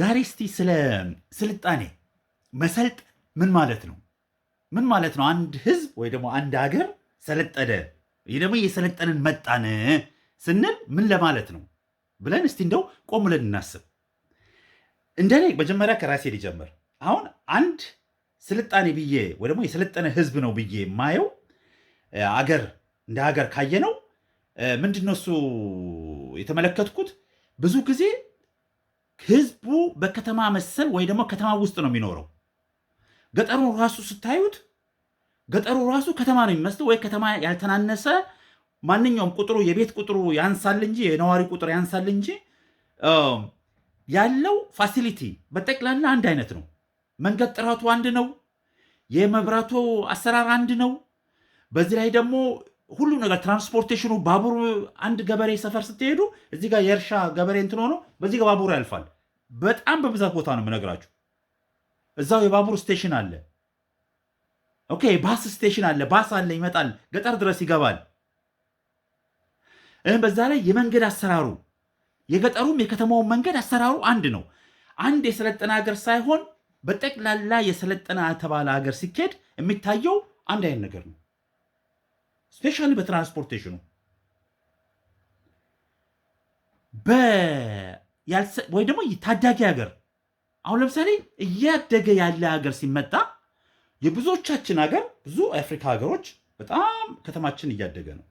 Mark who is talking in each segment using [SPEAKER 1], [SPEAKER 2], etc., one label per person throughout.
[SPEAKER 1] ዛሬ እስቲ ስለ ስልጣኔ መሰልጥ ምን ማለት ነው? ምን ማለት ነው? አንድ ህዝብ ወይ ደግሞ አንድ ሀገር ሰለጠደ ይህ ደግሞ የሰለጠንን መጣን ስንል ምን ለማለት ነው ብለን እስቲ እንደው ቆም ብለን እናስብ። እንደኔ መጀመሪያ ከራሴ ሊጀምር አሁን አንድ ስልጣኔ ብዬ ወይ ደግሞ የሰለጠነ ህዝብ ነው ብዬ የማየው አገር እንደ ሀገር ካየ ነው ምንድነው እሱ የተመለከትኩት ብዙ ጊዜ ህዝቡ በከተማ መሰል ወይ ደግሞ ከተማ ውስጥ ነው የሚኖረው። ገጠሩ ራሱ ስታዩት ገጠሩ ራሱ ከተማ ነው የሚመስለው፣ ወይ ከተማ ያልተናነሰ ማንኛውም ቁጥሩ የቤት ቁጥሩ ያንሳል እንጂ የነዋሪ ቁጥር ያንሳል እንጂ ያለው ፋሲሊቲ በጠቅላላ አንድ አይነት ነው። መንገድ ጥራቱ አንድ ነው። የመብራቱ አሰራር አንድ ነው። በዚህ ላይ ደግሞ ሁሉ ነገር ትራንስፖርቴሽኑ፣ ባቡሩ አንድ ገበሬ ሰፈር ስትሄዱ እዚህ ጋር የእርሻ ገበሬ እንትን ሆኖ በዚህ ጋር ባቡሩ ያልፋል። በጣም በብዛት ቦታ ነው የምነግራችሁ። እዛው የባቡር ስቴሽን አለ። ኦኬ ባስ ስቴሽን አለ። ባስ አለ፣ ይመጣል፣ ገጠር ድረስ ይገባል። ይህም በዛ ላይ የመንገድ አሰራሩ የገጠሩም የከተማውን መንገድ አሰራሩ አንድ ነው። አንድ የሰለጠነ ሀገር ሳይሆን በጠቅላላ የሰለጠነ ተባለ ሀገር ሲኬድ የሚታየው አንድ አይነት ነገር ነው። ስፔሻሊ በትራንስፖርቴሽኑ ወይ ደግሞ ታዳጊ ሀገር አሁን ለምሳሌ እያደገ ያለ ሀገር ሲመጣ የብዙዎቻችን ሀገር ብዙ አፍሪካ ሀገሮች በጣም ከተማችን እያደገ ነው።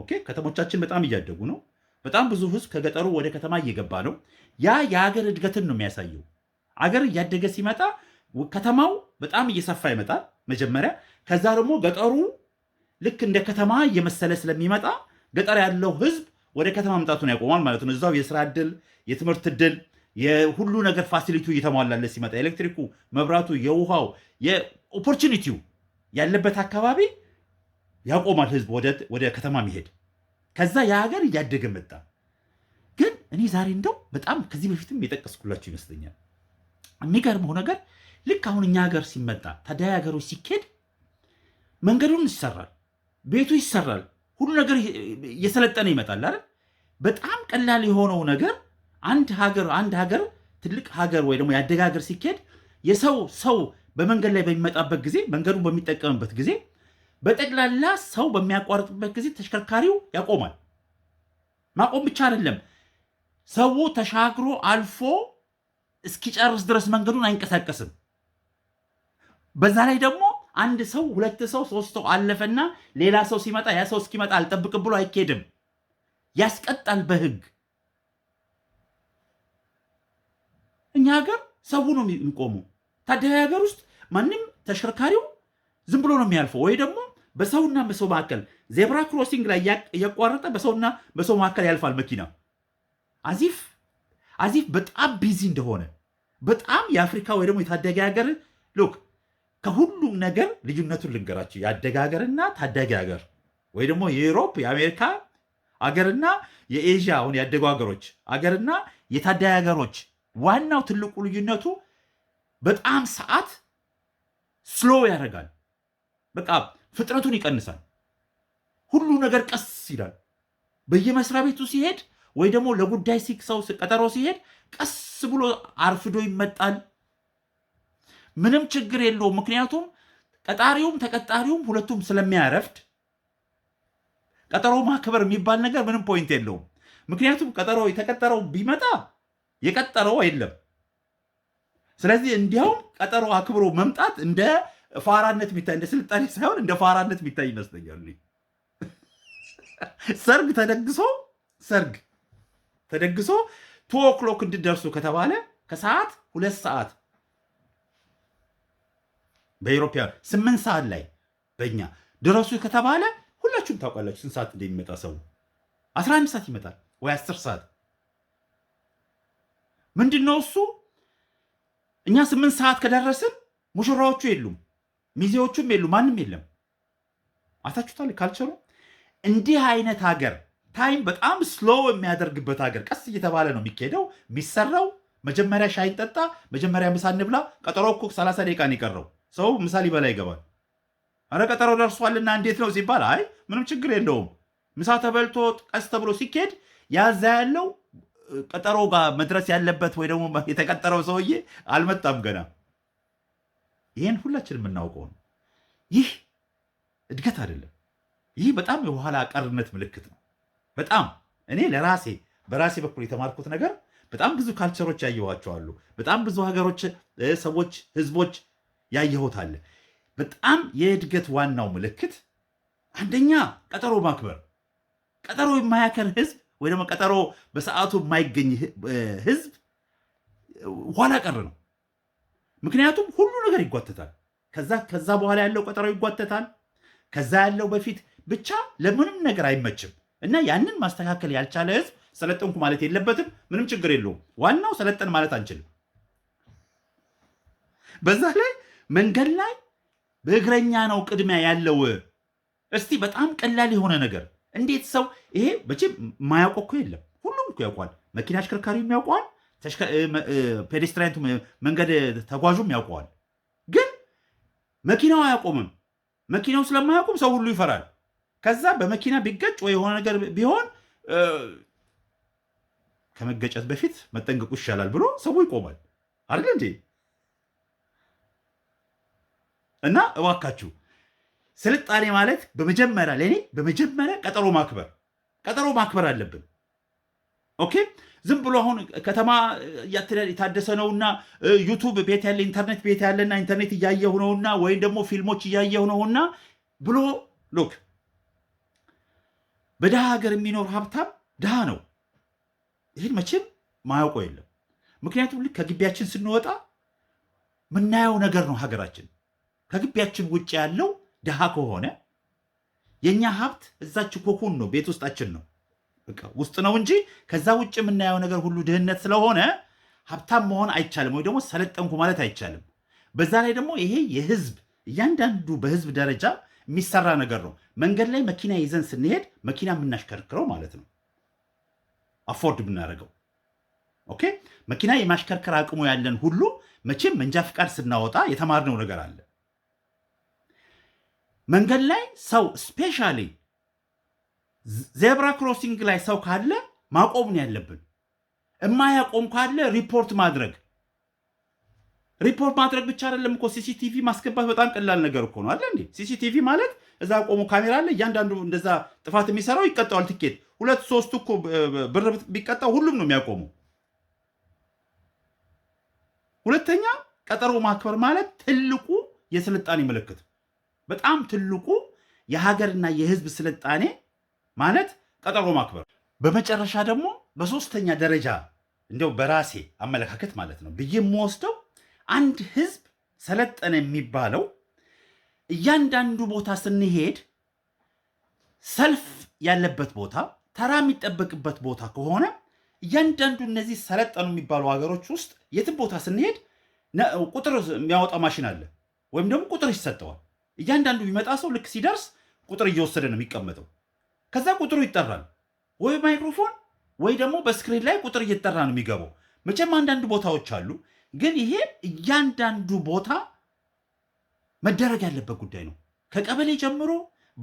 [SPEAKER 1] ኦኬ ከተሞቻችን በጣም እያደጉ ነው። በጣም ብዙ ህዝብ ከገጠሩ ወደ ከተማ እየገባ ነው። ያ የሀገር እድገትን ነው የሚያሳየው። አገር እያደገ ሲመጣ ከተማው በጣም እየሰፋ ይመጣል መጀመሪያ። ከዛ ደግሞ ገጠሩ ልክ እንደ ከተማ እየመሰለ ስለሚመጣ ገጠር ያለው ህዝብ ወደ ከተማ መምጣቱን ያቆማል ማለት ነው። እዛው የስራ እድል፣ የትምህርት እድል፣ የሁሉ ነገር ፋሲሊቲው እየተሟላለ ሲመጣ ኤሌክትሪኩ፣ መብራቱ፣ የውሃው፣ የኦፖርቹኒቲው ያለበት አካባቢ ያቆማል ህዝብ ወደ ከተማ መሄድ። ከዛ የሀገር እያደገ መጣ። ግን እኔ ዛሬ እንደው በጣም ከዚህ በፊትም የጠቀስኩላቸው ይመስለኛል የሚገርመው ነገር ልክ አሁን እኛ ሀገር ሲመጣ ታዳጊ ሀገሮች ሲኬድ መንገዱን ይሰራል ቤቱ ይሰራል፣ ሁሉ ነገር እየሰለጠነ ይመጣል አይደል? በጣም ቀላል የሆነው ነገር አንድ ሀገር አንድ ሀገር ትልቅ ሀገር ወይ ደግሞ ያደገ ሀገር ሲካሄድ የሰው ሰው በመንገድ ላይ በሚመጣበት ጊዜ መንገዱ በሚጠቀምበት ጊዜ በጠቅላላ ሰው በሚያቋርጥበት ጊዜ ተሽከርካሪው ያቆማል። ማቆም ብቻ አይደለም፣ ሰው ተሻግሮ አልፎ እስኪጨርስ ድረስ መንገዱን አይንቀሳቀስም። በዛ ላይ ደግሞ አንድ ሰው ሁለት ሰው ሶስት ሰው አለፈና ሌላ ሰው ሲመጣ ያ ሰው እስኪመጣ አልጠብቅም ብሎ አይኬድም። ያስቀጣል በህግ። እኛ ሀገር ሰው ነው የሚቆመው። ታዲያ ሀገር ውስጥ ማንም ተሽከርካሪው ዝም ብሎ ነው የሚያልፈው ወይ ደግሞ በሰውና በሰው መካከል ዜብራ ክሮሲንግ ላይ እያቋረጠ በሰውና በሰው መካከል ያልፋል መኪና። አዚፍ አዚፍ በጣም ቢዚ እንደሆነ በጣም የአፍሪካ ወይ ደግሞ የታደገ ሀገር ሉክ ከሁሉም ነገር ልዩነቱን ልንገራቸው። ያደገ ሀገርና ታዳጊ ሀገር ወይ ደግሞ የዩሮፕ የአሜሪካ አገርና የኤዥያ አሁን ያደጉ ሀገሮች አገርና የታዳጊ ሀገሮች ዋናው ትልቁ ልዩነቱ በጣም ሰዓት ስሎ ያደርጋል። በቃ ፍጥነቱን ይቀንሳል። ሁሉ ነገር ቀስ ይላል። በየመስሪያ ቤቱ ሲሄድ ወይ ደግሞ ለጉዳይ ሲክ ቀጠሮ ሲሄድ ቀስ ብሎ አርፍዶ ይመጣል። ምንም ችግር የለውም። ምክንያቱም ቀጣሪውም ተቀጣሪውም ሁለቱም ስለሚያረፍድ ቀጠሮ ማክበር የሚባል ነገር ምንም ፖይንት የለውም። ምክንያቱም ቀጠሮ የተቀጠረው ቢመጣ የቀጠረው የለም። ስለዚህ እንዲያውም ቀጠሮ አክብሮ መምጣት እንደ ፋራነት የሚታይ እንደ ስልጣኔ ሳይሆን እንደ ፋራነት የሚታይ ይመስለኛል። ሰርግ ተደግሶ ሰርግ ተደግሶ ቱ ኦክሎክ እንድደርሱ ከተባለ ከሰዓት ሁለት ሰዓት በኢሮፓውያን ስምንት ሰዓት ላይ በእኛ ድረሱ ከተባለ ሁላችሁም ታውቃላችሁ ስንት ሰዓት እንደሚመጣ ሰው አስራ ሰዓት ይመጣል ወይ አስር ሰዓት ምንድን ነው እሱ እኛ ስምንት ሰዓት ከደረስን ሙሽራዎቹ የሉም ሚዜዎቹም የሉ ማንም የለም አታችሁታል ካልቸሩ እንዲህ አይነት ሀገር ታይም በጣም ስሎው የሚያደርግበት ሀገር ቀስ እየተባለ ነው የሚካሄደው የሚሰራው መጀመሪያ ሻይን ጠጣ መጀመሪያ ምሳ እንብላ ቀጠሮ እኮ ሰላሳ ደቂቃ ነው የቀረው ሰው ምሳሌ በላ ይገባል። አረ ቀጠሮ ደርሷልና እንዴት ነው ሲባል አይ ምንም ችግር የለውም ምሳ ተበልቶ ቀስ ተብሎ ሲኬድ ያዛ ያለው ቀጠሮ ጋር መድረስ ያለበት ወይ ደግሞ የተቀጠረው ሰውዬ አልመጣም ገና። ይህን ሁላችን የምናውቀው ነው። ይህ እድገት አይደለም። ይህ በጣም የኋላ ቀርነት ምልክት ነው። በጣም እኔ ለራሴ በራሴ በኩል የተማርኩት ነገር በጣም ብዙ ካልቸሮች ያየኋቸዋሉ። በጣም ብዙ ሀገሮች፣ ሰዎች፣ ህዝቦች ያየሁት አለ። በጣም የእድገት ዋናው ምልክት አንደኛ ቀጠሮ ማክበር። ቀጠሮ የማያከል ህዝብ ወይ ደግሞ ቀጠሮ በሰዓቱ የማይገኝ ህዝብ ኋላ ቀር ነው። ምክንያቱም ሁሉ ነገር ይጓተታል። ከዛ ከዛ በኋላ ያለው ቀጠሮ ይጓተታል። ከዛ ያለው በፊት ብቻ ለምንም ነገር አይመችም እና ያንን ማስተካከል ያልቻለ ህዝብ ሰለጠንኩ ማለት የለበትም። ምንም ችግር የለውም። ዋናው ሰለጠን ማለት አንችልም። በዛ ላይ መንገድ ላይ በእግረኛ ነው ቅድሚያ ያለው። እስቲ በጣም ቀላል የሆነ ነገር እንዴት ሰው ይሄ መቼም ማያውቅ እኮ የለም። ሁሉም እኮ ያውቋል። መኪና አሽከርካሪውም ያውቀዋል፣ ፔዴስትራንቱ መንገድ ተጓዡም ያውቀዋል። ግን መኪናው አያቆምም። መኪናው ስለማያቆም ሰው ሁሉ ይፈራል። ከዛ በመኪና ቢገጭ ወይ የሆነ ነገር ቢሆን ከመገጨት በፊት መጠንቀቁ ይሻላል ብሎ ሰው ይቆማል። አርገ እንዴ? እና እባካችሁ ስልጣኔ ማለት በመጀመሪያ ለእኔ በመጀመሪያ ቀጠሮ ማክበር ቀጠሮ ማክበር አለብን። ኦኬ ዝም ብሎ አሁን ከተማ የታደሰ ነውና ዩቱብ ቤት ያለ ኢንተርኔት ቤት ያለና ኢንተርኔት እያየሁ ነውና ወይም ደግሞ ፊልሞች እያየሁ ነውና ብሎ ሎክ በድሃ ሀገር የሚኖር ሀብታም ድሃ ነው። ይህን መቼም ማያውቀው የለም። ምክንያቱም ልክ ከግቢያችን ስንወጣ ምናየው ነገር ነው ሀገራችን ከግቢያችን ውጭ ያለው ድሃ ከሆነ የእኛ ሀብት እዛች ኮኩን ነው፣ ቤት ውስጣችን ነው፣ በቃ ውስጥ ነው እንጂ ከዛ ውጭ የምናየው ነገር ሁሉ ድህነት ስለሆነ ሀብታም መሆን አይቻልም፣ ወይ ደግሞ ሰለጠንኩ ማለት አይቻልም። በዛ ላይ ደግሞ ይሄ የህዝብ እያንዳንዱ በህዝብ ደረጃ የሚሰራ ነገር ነው። መንገድ ላይ መኪና ይዘን ስንሄድ መኪና የምናሽከርክረው ማለት ነው፣ አፎርድ የምናደርገው ኦኬ። መኪና የማሽከርከር አቅሙ ያለን ሁሉ መቼም መንጃ ፍቃድ ስናወጣ የተማርነው ነገር አለ መንገድ ላይ ሰው ስፔሻሊ ዜብራ ክሮሲንግ ላይ ሰው ካለ ማቆም ነው ያለብን። እማያቆም ካለ ሪፖርት ማድረግ ሪፖርት ማድረግ ብቻ አይደለም እኮ ሲሲቲቪ ማስገባት በጣም ቀላል ነገር እኮ ነው አለ እንዴ። ሲሲቲቪ ማለት እዛ ቆሞ ካሜራ አለ። እያንዳንዱ እንደዛ ጥፋት የሚሰራው ይቀጣዋል። ትኬት ሁለት ሶስቱ እኮ ብር ቢቀጣው ሁሉም ነው የሚያቆመው። ሁለተኛ ቀጠሮ ማክበር ማለት ትልቁ የስልጣኔ ምልክት በጣም ትልቁ የሀገርና የህዝብ ስልጣኔ ማለት ቀጠሮ ማክበር። በመጨረሻ ደግሞ በሶስተኛ ደረጃ እንደው በራሴ አመለካከት ማለት ነው ብዬ የምወስደው አንድ ህዝብ ሰለጠነ የሚባለው እያንዳንዱ ቦታ ስንሄድ ሰልፍ ያለበት ቦታ፣ ተራ የሚጠበቅበት ቦታ ከሆነ እያንዳንዱ እነዚህ ሰለጠኑ የሚባሉ ሀገሮች ውስጥ የትም ቦታ ስንሄድ ቁጥር የሚያወጣ ማሽን አለ ወይም ደግሞ ቁጥር ይሰጠዋል። እያንዳንዱ የሚመጣ ሰው ልክ ሲደርስ ቁጥር እየወሰደ ነው የሚቀመጠው። ከዛ ቁጥሩ ይጠራል ወይ ማይክሮፎን ወይ ደግሞ በስክሪን ላይ ቁጥር እየተጠራ ነው የሚገባው። መቼም አንዳንድ ቦታዎች አሉ፣ ግን ይሄ እያንዳንዱ ቦታ መደረግ ያለበት ጉዳይ ነው። ከቀበሌ ጀምሮ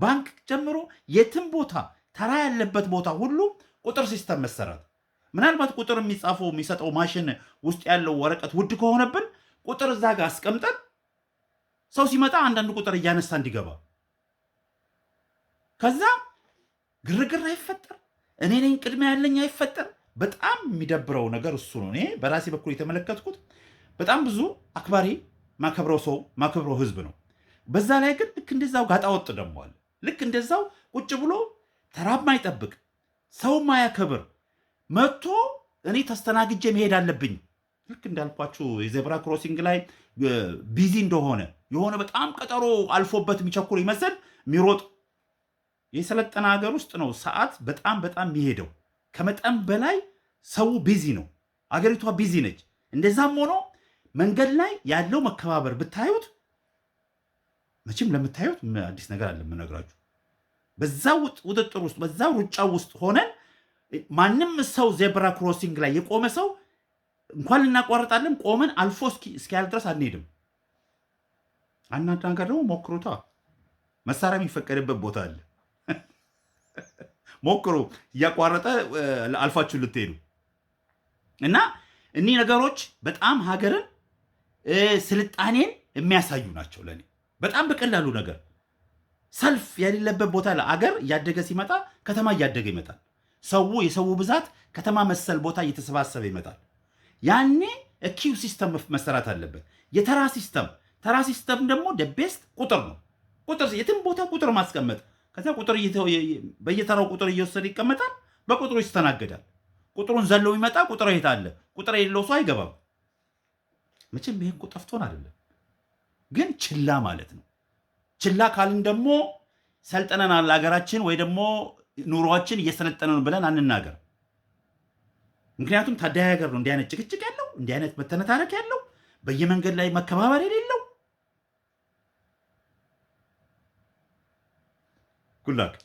[SPEAKER 1] ባንክ ጀምሮ የትም ቦታ ተራ ያለበት ቦታ ሁሉ ቁጥር ሲስተም መሰራት። ምናልባት ቁጥር የሚጻፈው የሚሰጠው ማሽን ውስጥ ያለው ወረቀት ውድ ከሆነብን ቁጥር እዛ ጋር አስቀምጠን ሰው ሲመጣ አንዳንድ ቁጥር እያነሳ እንዲገባ ከዛ ግርግር አይፈጠር፣ እኔ ነኝ ቅድሚያ ያለኝ አይፈጠር። በጣም የሚደብረው ነገር እሱ ነው። እኔ በራሴ በኩል የተመለከትኩት በጣም ብዙ አክባሪ ማከብረው ሰው ማከብረው ህዝብ ነው። በዛ ላይ ግን ልክ እንደዛው ጋጣ ወጥ ደሟል። ልክ እንደዛው ቁጭ ብሎ ተራብ ማይጠብቅ ሰው ማያከብር መጥቶ እኔ ተስተናግጄ መሄድ አለብኝ ልክ እንዳልኳችሁ የዜብራ ክሮሲንግ ላይ ቢዚ እንደሆነ የሆነ በጣም ቀጠሮ አልፎበት የሚቸኩር ይመስል የሚሮጥ የሰለጠነ ሀገር ውስጥ ነው ሰዓት በጣም በጣም የሚሄደው ከመጠን በላይ ሰው ቢዚ ነው። አገሪቷ ቢዚ ነች። እንደዛም ሆኖ መንገድ ላይ ያለው መከባበር ብታዩት መቼም ለምታዩት አዲስ ነገር አለ የምነግራችሁ። በዛ ውጥጥር ውስጥ በዛ ሩጫ ውስጥ ሆነን ማንም ሰው ዜብራ ክሮሲንግ ላይ የቆመ ሰው እንኳን እናቋርጣለን፣ ቆመን አልፎ እስኪያል ድረስ አንሄድም። አንዳንድ ነገር ደግሞ ሞክሩታ። መሳሪያ የሚፈቀድበት ቦታ አለ። ሞክሩ፣ እያቋረጠ አልፋችሁ ልትሄዱ እና እኒህ ነገሮች በጣም ሀገርን ስልጣኔን የሚያሳዩ ናቸው። ለእኔ በጣም በቀላሉ ነገር ሰልፍ የሌለበት ቦታ ላይ አገር እያደገ ሲመጣ ከተማ እያደገ ይመጣል። ሰው የሰው ብዛት ከተማ መሰል ቦታ እየተሰባሰበ ይመጣል። ያኔ እኪው ሲስተም መሰራት አለበት። የተራ ሲስተም ተራ ሲስተም ደግሞ ደቤስት ቁጥር ነው። ቁጥር የትም ቦታ ቁጥር ማስቀመጥ ከዚያ ቁጥር በየተራው ቁጥር እየወሰደ ይቀመጣል። በቁጥሩ ይስተናገዳል። ቁጥሩን ዘሎ የሚመጣ ቁጥር የት አለ? ቁጥር የሌለው ሰው አይገባም። መቼም ይሄ እኮ ጠፍቶን አይደለም፣ ግን ችላ ማለት ነው። ችላ ካልን ደግሞ ሰልጥነናል አገራችን ወይ ደግሞ ኑሯችን ነው ብለን አንናገር። ምክንያቱም ታዳጊ ሀገር ነው እንዲህ አይነት ጭቅጭቅ ያለው እንዲህ አይነት መተነታረክ ያለው በየመንገድ ላይ መከባበር የሌለው Guten Dank.